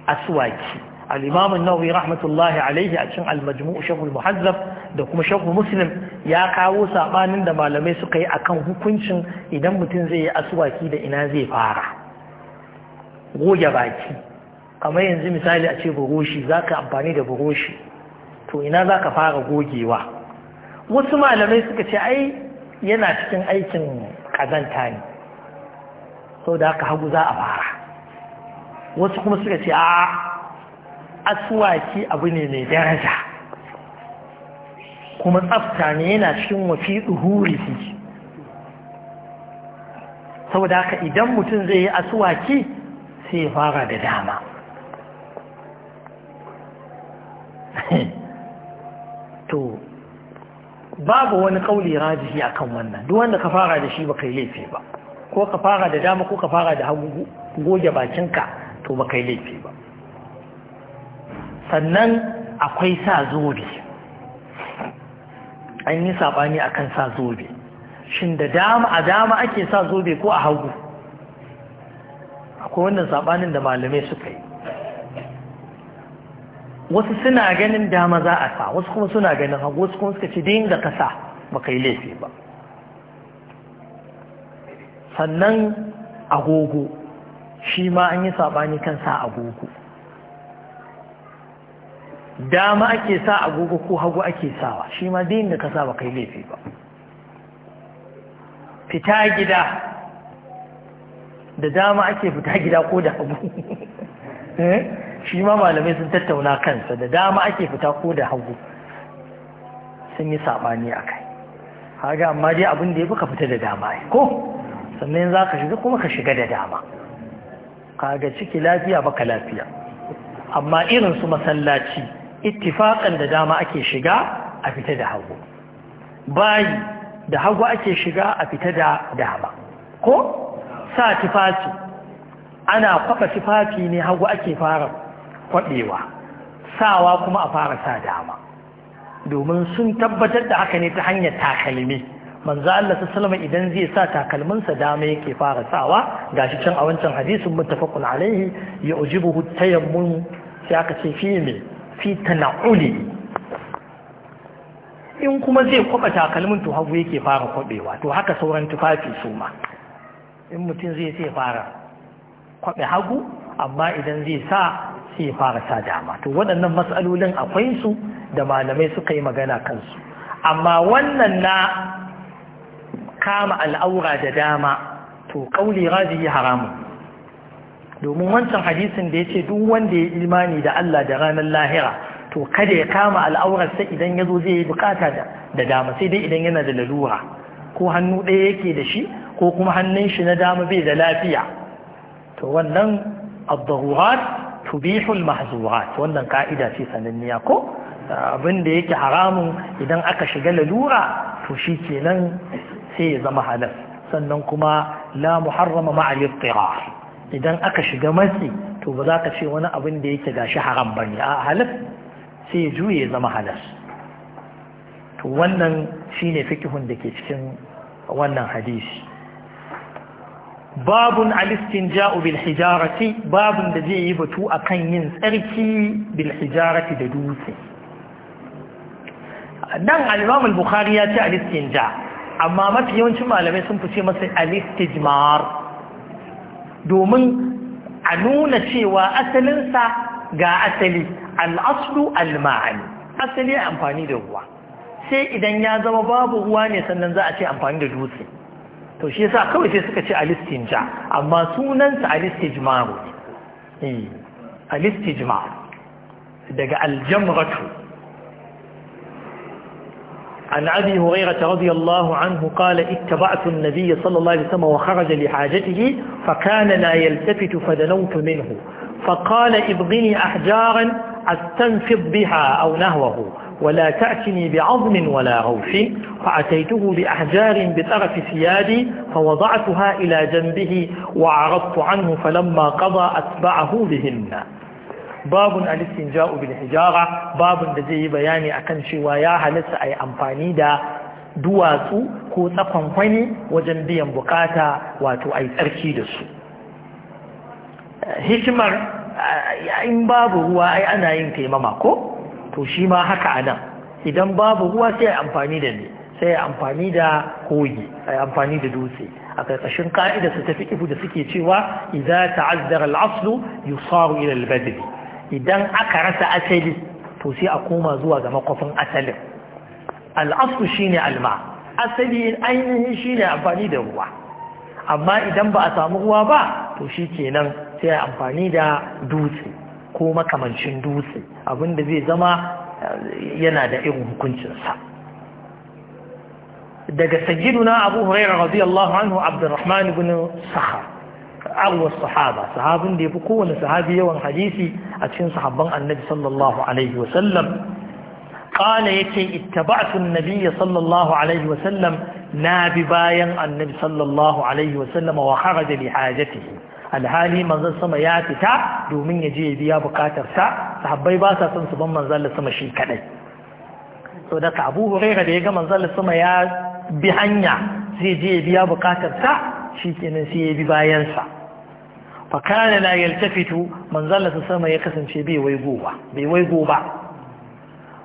aswaki al-imam an rahmatullahi alaihi a cikin al-majmu' muhazzaf da kuma sharh muslim ya kawo saɓanin da malamai suka yi akan hukuncin idan mutum zai yi asuwaki da ina zai fara goge baki kamar yanzu misali a ce buroshi zaka amfani da buroshi to ina zaka fara gogewa wasu malamai suka ce ai yana cikin aikin kazanta ne sau da haka hagu za a fara wasu kuma suka ce a Asuwaki abu ne mai daraja kuma tsafta ne yana cikin wafi tsuhurihi saboda haka idan mutum zai yi asuwaki sai fara da dama to babu wani kauli rajihi kan wannan duk wanda ka fara da shi baka yi laifi ba ko ka fara da dama ko ka fara da hagu goge bakinka to baka yi laifi ba sannan akwai sa zobe an yi saɓani akan sa zobe shin da dama a dama ake sa zobe ko a hagu akwai wannan saɓanin da malamai suka yi wasu suna ganin dama za a sa wasu kuma suna ganin hagu wasu kuma suka ce dinga ka sa baka yi laifi ba sannan agogo shi ma an yi saɓani kan sa agogo dama ake sa agogo ko hagu ake sawa shi ma din da ka sa ba kai laifi ba fita gida da dama ake fita gida ko da hagu eh? shi ma malamai sun tattauna kansa da dama ake fita ko da hagu sun yi sabani a kai haga amma dai abin da ya fi ka fita da dama ko sannan za ka shiga kuma ka shiga da dama kaga ciki lafiya baka lafiya amma irin su masallaci ittifaƙan da dama ake shiga a fita da hagu bayi da hagu ake shiga a fita da dama ko sa tufafi ana kwafa tufafi ne hagu ake fara kwaɗewa sawa kuma a fara sa dama domin sun tabbatar da haka ne ta hanyar takalmi manzo Allah sallama idan zai sa takalminsa dama yake fara sawa gashi can a wancan hadisin muttafaqun alaihi ya ujibuhu tayammum sai aka ce fi mai. fi tana'uli in kuma zai kwaba takalmin to hagu yake fara kwabewa to haka sauran tufafi su ma in mutum zai sai fara kwabe hagu amma idan zai sa sai fara sa dama to waɗannan matsalolin akwai su da malamai suka yi magana kansu amma wannan na kama al'aura da dama to kauli razi haramun domin wancan hadisin da ya ce duk wanda ya imani da Allah da ranar lahira to kada ya kama al'aurarsa idan ya zo zai yi bukata da dama sai dai idan yana da lalura ko hannu ɗaya yake da shi ko kuma hannun shi na dama bai da lafiya to wannan abdarurat tubihul mahzurat wannan ka'ida ce sananniya ko abin da yake haramun idan aka shiga lalura to shi kenan sai ya zama halal sannan kuma la muharrama ma'a ittirar idan aka shiga matsi to ba za ka ce wani abin da yake gashi haram ba ne a halif sai juye zama halas to wannan shi ne fikihun da ke cikin wannan hadisi babun alistin ja'u bil hijarati babun da zai yi batu akan yin tsarki bil hijarati da dutse dan al'imam al-bukhari ya ce alistin ja amma mafi yawancin malamai sun fice masa alistijmar domin a nuna cewa asalinsa ga asali al'aslu al asali asali amfani da ruwa sai idan ya zama babu ruwa ne sannan za a ce amfani da dutse to shi yasa kawai sai suka ce alistinja amma sunansa alistijmaru ne eh, alistijmaru daga aljamratu عن أبي هريرة رضي الله عنه قال اتبعت النبي صلى الله عليه وسلم وخرج لحاجته فكان لا يلتفت فدنوت منه فقال ابغني أحجارا أستنفض بها أو نهوه ولا تأتني بعظم ولا روش فأتيته بأحجار بطرف ثيابي فوضعتها إلى جنبه وعرضت عنه فلما قضى أتبعه بهن babun alistin ja'u bil hijara babun da zai yi bayani akan cewa ya halitta a yi amfani da duwatsu ko tsakonkwani wajen biyan bukata wato a yi tsarki da su hikimar eh, in babu ruwa ai ana yin taimama ko to shi ma haka a nan idan babu ruwa sai a amfani da ne sai a amfani da kogi a amfani da dutse a ƙarƙashin ka'ida su tafi ifu da suke cewa idza ta'azzara al-aslu yusaru ila al idan aka rasa asali to sai a koma zuwa ga makwafin asalin al'asu shine alma asali ainihin shine amfani da ruwa amma idan ba a samu ruwa ba to shi kenan sai amfani da dutse ko makamancin dutse abinda zai zama eh, yana da irin hukuncinsa daga sajiduna abu hurairar radiyallahu anhu abdurrahman ibn sahar arwa sahaba sahabin da ya fi kowane sahabi yawan hadisi a cikin sahabban annabi sallallahu alaihi wasallam kala ya ce ittaba'atun nabiya sallallahu alaihi wasallam na bi bayan annabi sallallahu alaihi wasallam wa kharaja li alhali manzon sama ya fita domin ya je ya biya bukatarsa sahabbai ba sa son su ban manzon sama shi kadai so da abu hurairah da ya ga manzon sama ya bi hanya zai je ya biya sa shi kenan sai ya bi bayansa fa kana la yaltafitu manzala sa sama ya kasance bai bai waigo ba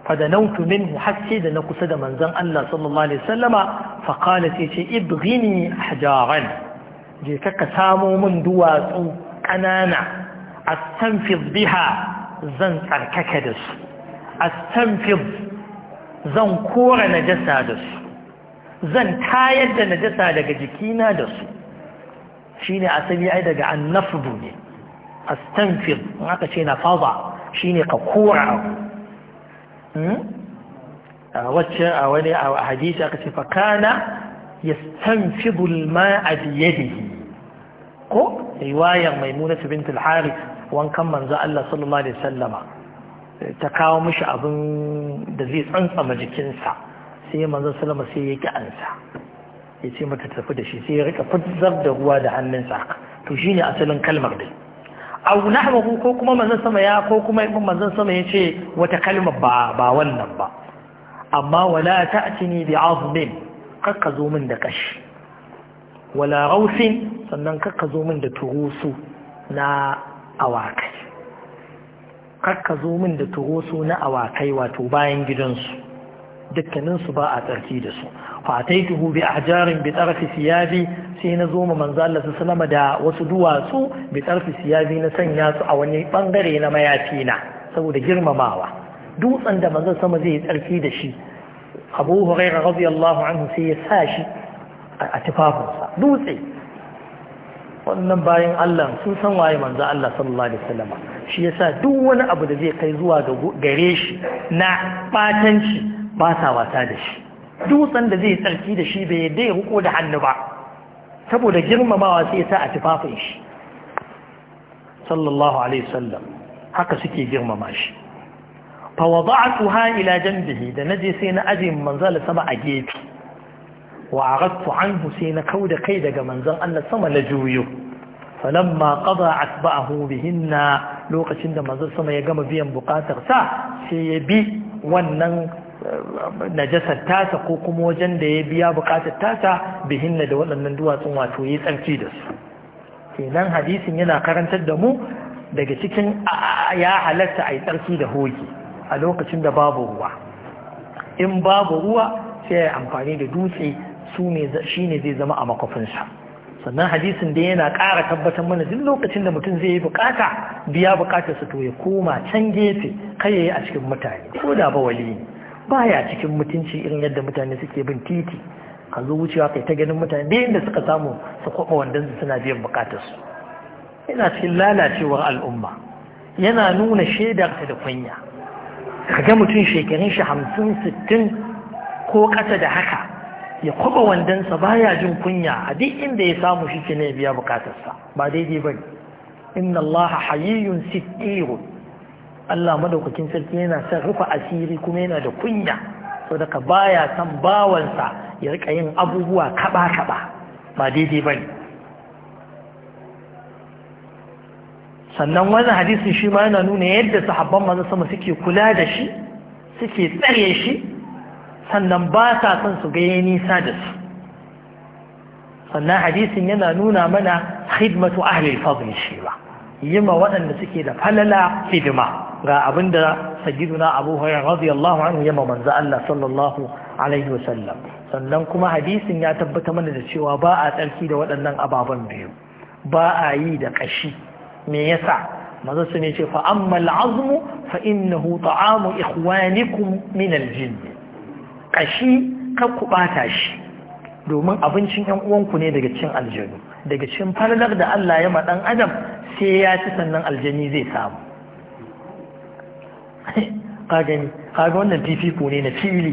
fa da nautu minhu hasse da na kusa da manzon Allah sallallahu alaihi wasallama fa qala sai ce ibghini ahjaran je ka ka samo min duwatsu kanana astanfiz biha zan tsarkaka da su astanfiz zan kora najasa da su zan tayar da najasa daga jikina da su shine asali ai daga annafdu ne astanfir in aka ce nafaza shine ka kura hmm? a wacce a wani a hadisi aka ce fakana yastanfidu al-ma'a bi yadihi ko riwayar maimunatu bint al-harith wankan manzo Allah sallallahu alaihi wasallama ta kawo mishi abin da zai tsantsama jikinsa sai manzo sallama sai ya ki ansa ya ce mata tafi da shi sai ya rika fitar da ruwa da hannunsa to shine asalin kalmar dai abu nahwahu ko kuma manzon sama ya ko kuma manzon sama ya ce wata kalma ba wannan ba amma wala ta'tini bi azmin kakka zo min da kashi wala rausin sannan kakka zo min da turusu na awakai kakka zo min da turusu na awakai wato bayan gidansu dukkaninsu ba a tsarki da su fataituhu bi a bi tarfi siyabi sai na zo ma manzo da wasu duwatsu bi tarfi na sanya su a wani bangare na mayafi na saboda girmamawa dutsen da manzo sama zai tsarki da shi Abu Hurairah radiyallahu sai ya sa shi a tufafinsa dutse wannan bayan Allah sun san waye manza Allah sallallahu alaihi wasallam shi duk wani abu da zai kai zuwa ga gare shi na batanci ba sa wasa da shi dutsen da zai tsarki da shi bai yadda ya da hannu ba saboda girmamawa sai sa a tufafin shi sallallahu alaihi wasallam haka suke girmama shi fa wada'tuha ila janbihi da je sai na aje manzal sama a gefe wa aghadtu anhu sai na kauda kai daga manzan Allah sama na juyo falamma qada atba'ahu bihinna lokacin da manzan sama ya gama biyan bukatar sa sai ya bi wannan najasar tasa ko kuma wajen da ya biya bukatar tasa bihinna da waɗannan duwatsun wato ya tsarki da su kenan hadisin yana karantar da mu daga cikin ya halatta a yi tsarki da hoki a lokacin da babu ruwa in babu ruwa sai ya amfani da dutse su shi ne zai zama a makwafinsa sannan hadisin da yana ƙara tabbatar mana duk lokacin da mutum zai yi bukata biya bukatarsa to ya koma can gefe kai ya yi a cikin mutane ko da ba wali ne baya cikin mutunci irin yadda mutane suke bin titi ka zo wucewa kai ta ganin mutane da yadda suka samu su kwaɓa wandan su suna biyan bukatarsu yana cikin lalacewar al'umma yana nuna shaidar ta da kunya kaga mutum shekarun shi hamsin sittin ko ƙasa da haka ya kwaɓa wandonsa, baya jin kunya a duk inda ya samu shi ne biya bukatarsa ba daidai ba inna allaha hayyun sittirun Allah madaukakin sarki yana son rufa asiri kuma yana da kunya saboda ka baya san bawansa ya rika yin abubuwa kaba kaba ba daidai bane sannan wannan hadisin shi ma yana nuna yadda sahabban manzo sama suke kula da shi suke tsare shi sannan ba sa son su ga yayi nisa da su sannan hadisin yana nuna mana khidmatu ahli al-fadl shi ba yima waɗanda suke da falala hidima ga abin da sajiduna abu hanyar radiyallahu anhu yamma manzo Allah sallallahu alaihi wasallam sannan kuma hadisin ya tabbata mana da cewa ba a tsarki da waɗannan ababen biyu ba a yi da ƙashi me yasa maza su ne ce fa amma al'azmu fa innahu ta'amu ikhwanikum min al-jinn ƙashi ka bata shi domin abincin ƴan uwanku ne daga cikin aljanu daga cikin farlar da Allah ya ma dan adam sai ya ci sannan aljani zai samu ka gani ka wannan fifiko ne na fili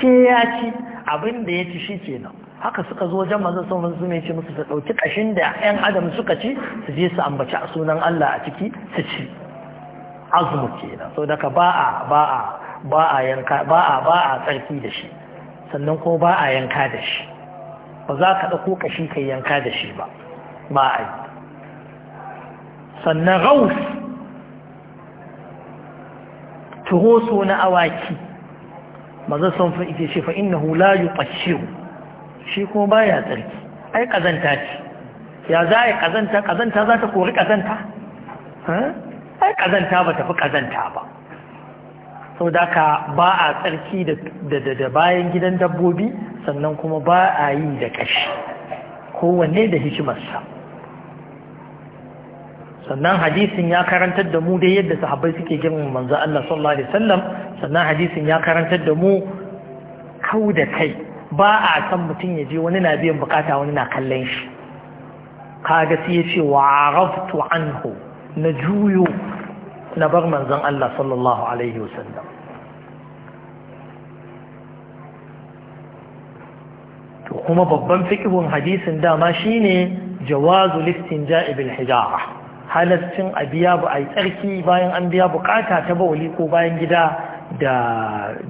sai ya ci abinda ya ci shi kenan haka suka zo wajen mazan sallallahu su mai ce musu su dauki kashin da yan adam suka ci su je su ambaci a sunan Allah a ciki su ci azmu kenan so daga ba a ba a ba a yanka ba a ba a tsarki da shi sannan ko ba a yanka da shi ba za ka ɗauko kashi kai yanka da shi ba ba a yi sannan raus turoso na awaki mazan sun fi ita shi fa'in na hula yi shi kuma ba ya tsarki ai ƙazanta ce ya za a yi ƙazanta ƙazanta za ta kori ƙazanta ai ƙazanta ba ta fi ƙazanta ba sau da ka ba a tsarki da bayan gidan dabbobi sannan kuma ba a yi da ƙashi kowanne da hikimarsa sannan hadisin ya karantar da mu dai yadda sahabbai suke girmama manzo Allah sallallahu alaihi wasallam sannan hadisin ya karantar da mu kau da kai ba a san mutum ya je wani na biyan bukata wani na kallon shi kaga sai ya ce wa araftu anhu na juyo na bar manzo Allah sallallahu alaihi wasallam to kuma babban fikihun hadisin dama shine jawazu listinja'i bil hijara halarcin a biya ba a yi tsarki bayan an biya bukata ta bawali ko bayan gida da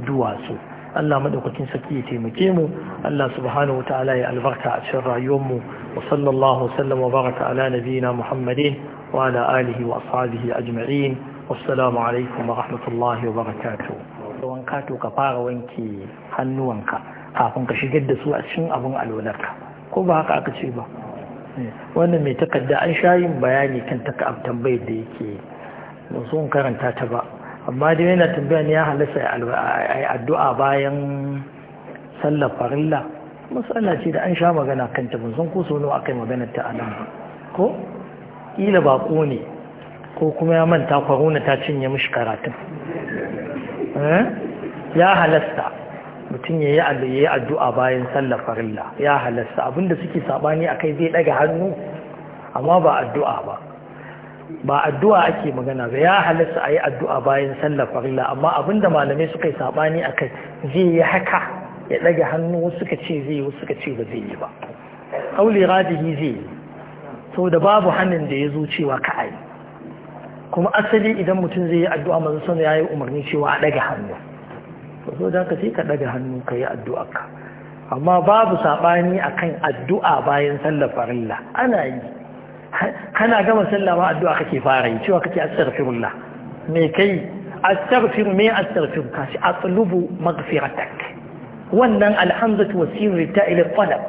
duwatsu Allah maɗaukakin sarki ya taimake mu Allah subhanahu ta'ala ya albarka a cikin rayuwar mu wa sallallahu sallam wa baraka ala nabiyina Muhammadin wa ala alihi wa ashabihi ajma'in wassalamu alaikum wa rahmatullahi wa barakatuh wanka to ka fara wanke hannuwanka kafin ka shigar da su a cikin abun alwalarka ko ba haka aka ce ba wannan mai takarda an sha yin bayani kan taka tambayar da yake ba sun karanta ta ba amma dai yana tambaya ne ya halasta a addu'a bayan sallar farilla matsala ce da an sha magana kanta ban san ko sono aka yi ta anan ko ƙila baƙo ne ko kuma ya manta kwaruna ta cinye mishi karatun eh? ya halasta mutum ya yi addu'a bayan sallar farilla ya halasta abinda suke sabani a kai zai daga hannu amma ba addu'a ba ba addu'a ake magana ba ya halasta a yi addu'a bayan sallar farilla amma abinda malamai suka yi sabani a kai zai yi haka ya daga hannu wasu suka ce zai wasu suka ce ba zai yi ba kauli radihi zai yi so da babu hannun da ya zo cewa ka kuma asali idan mutum zai yi addu'a manzo sanu ya yi umarni cewa a daga hannu so da ka sai ka ɗaga hannu ka yi addu'a ka amma babu saɓani a kan addu'a bayan sallar farilla ana yi kana gama sallar ma addu'a kake fara yi cewa kake astaghfirullah me kai astaghfir me astaghfir ka shi atlubu magfiratak wannan alhamzatu wasirri ta ila talab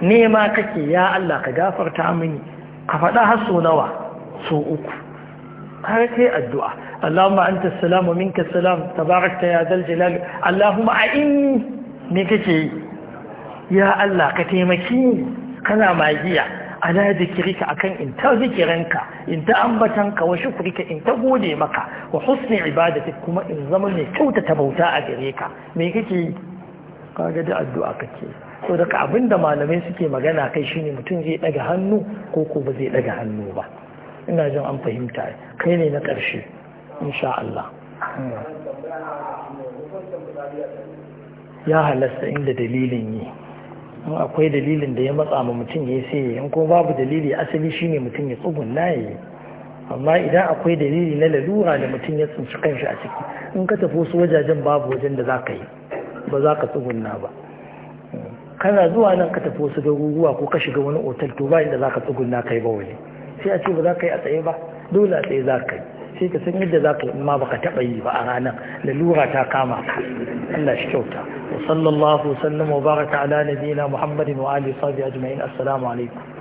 nema kake ya Allah ka gafarta mini ka faɗa har so nawa so uku har sai addu'a اللهم أنت السلام ومنك السلام تبارك يا ذا الجلال اللهم أئني نكتي يا الله كتيمكي كنا ماجية على ذكرك أكن انت ذكرنك انت أنبتنك وشكرك انت قوليمك وحسن عبادتك كما إن زمن كوت تبوتا أدريك نكتي قال دعا الدعاء كتير so daga abin da malamai suke magana kai shine mutum zai daga hannu ko ko ba zai daga hannu ba ina jin an fahimta kai ne na ƙarshe insha Allah ya halasta inda dalilin yi in akwai dalilin da ya matsa ma mutum ya sai in kuma babu dalili asali shi ne mutum ya tsugunna ya yi amma idan akwai dalili na lalura da mutum ya tsinci kanshi a ciki in ka tafi wasu wajajen babu wajen da za ka yi ba za ka tsugunna ba kana zuwa nan ka tafi wasu garuruwa ko ka shiga wani otal to ba inda za ka tsugunna kai ba wani sai a ce ba za ka yi a tsaye ba dole a tsaye za ka yi sai ka san yadda za ka yi ma baka taɓa yi ba a ranar lalura ta kama ka Allah shi kyauta wa sallallahu sallam wa baraka ala nabiyina muhammadin wa alihi wa ajma'in assalamu alaikum